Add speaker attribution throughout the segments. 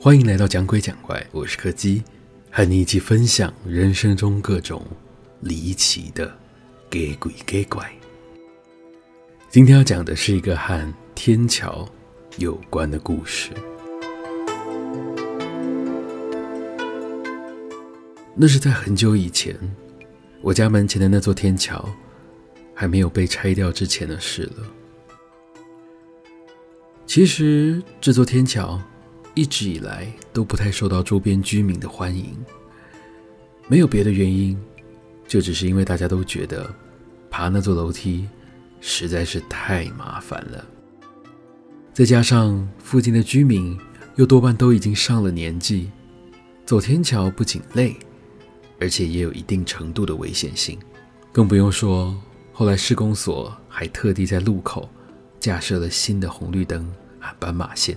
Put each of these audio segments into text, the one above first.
Speaker 1: 歡迎來到講鬼講怪，我是柯基，和你一起分享人生中各種離奇的假鬼假怪。今天要講的是一個和天橋有關的故事。那是在很久以前，我家門前的那座天橋，還沒有被拆掉之前的事了。其實這座天橋一直以來都不太受到周邊居民的歡迎，沒有別的原因，就只是因為大家都覺得爬那座樓梯實在是太麻煩了。再加上附近的居民又多半都已經上了年紀，走天橋不僅累，而且也有一定程度的危險性，更不用說。後來，施工所還特地在路口架設了新的紅綠燈和斑馬線，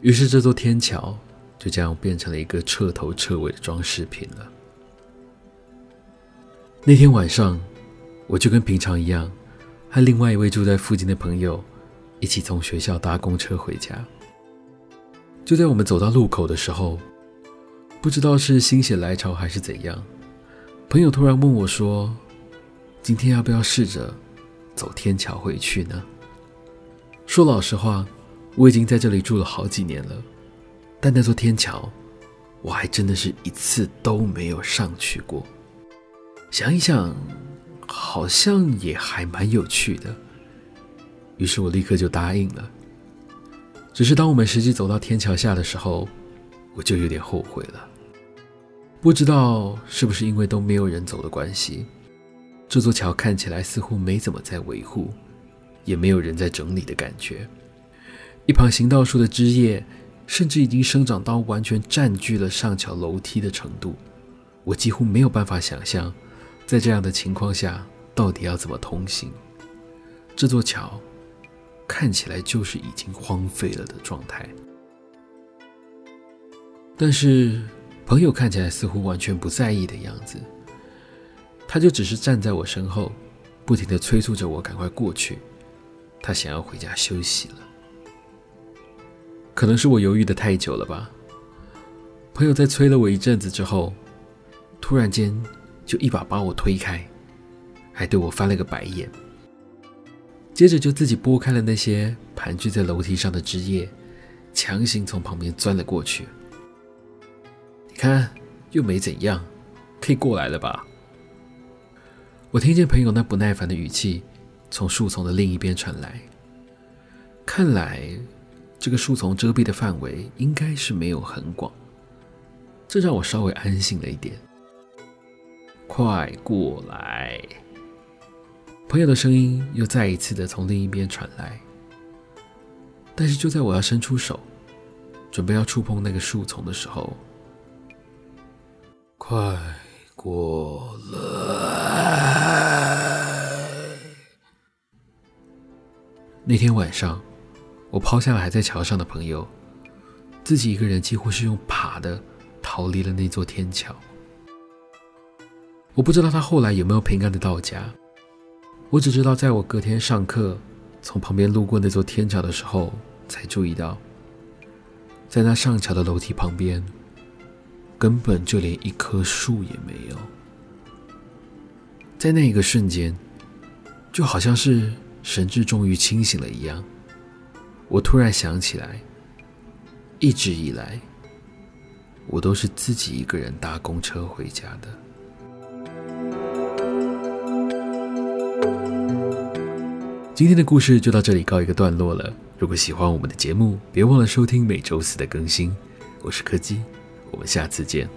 Speaker 1: 於是這座天橋就這樣變成了一個徹頭徹尾的裝飾品了。那天晚上，我就跟平常一樣，和另外一位住在附近的朋友一起從學校搭公車回家。就在我們走到路口的時候，不知道是心血來潮還是怎樣，朋友突然問我說。今天要不要試着走天橋回去呢？說老實話，我已經在這裡住了好幾年了，但那座天橋，我還真的是一次都沒有上去過。想一想，好像也還蠻有趣的。於是我立刻就答應了。只是當我們實際走到天橋下的時候，我就有點後悔了。不知道是不是因為都沒有人走的關係。這座橋看起來似乎沒怎麼在維護，也沒有人在整理的感覺。一旁行道樹的枝葉甚至已經生長到完全佔據了上橋樓梯的程度，我幾乎沒有辦法想象在這樣的情況下到底要怎麼通行。這座橋看起來就是已經荒廢了的狀態，但是朋友看起來似乎完全不在意的樣子。他就只是站在我身後，不停地催促着我趕快過去。他想要回家休息了。可能是我猶豫的太久了吧，朋友在催了我一陣子之後，突然間就一把把我推開，還對我翻了個白眼。接着就自己撥開了那些盤踞在樓梯上的枝葉，強行從旁邊鑽了過去。你看，又沒怎樣，可以過來了吧？我聽見朋友那不耐煩的語氣從樹叢的另一邊傳來，看來這個樹叢遮蔽的範圍應該是沒有很廣，這讓我稍微安心了一點。快過來！朋友的聲音又再一次的從另一邊傳來，但是就在我要伸出手，準備要觸碰那個樹叢的時候，快過來。那天晚上，我拋下了還在橋上的朋友，自己一個人幾乎是用爬的逃離了那座天橋。我不知道他後來有沒有平安的到家，我只知道在我隔天上課，從旁邊路過那座天橋的時候，才注意到，在那上橋的樓梯旁邊，根本就連一棵樹也沒有。在那一個瞬間，就好像是……神志終於清醒了一樣，我突然想起來，一直以來，我都是自己一個人搭公車回家的。今天的故事就到這裡告一個段落了。如果喜歡我們的節目，別忘了收聽每周四的更新。我是柯基，我們下次見。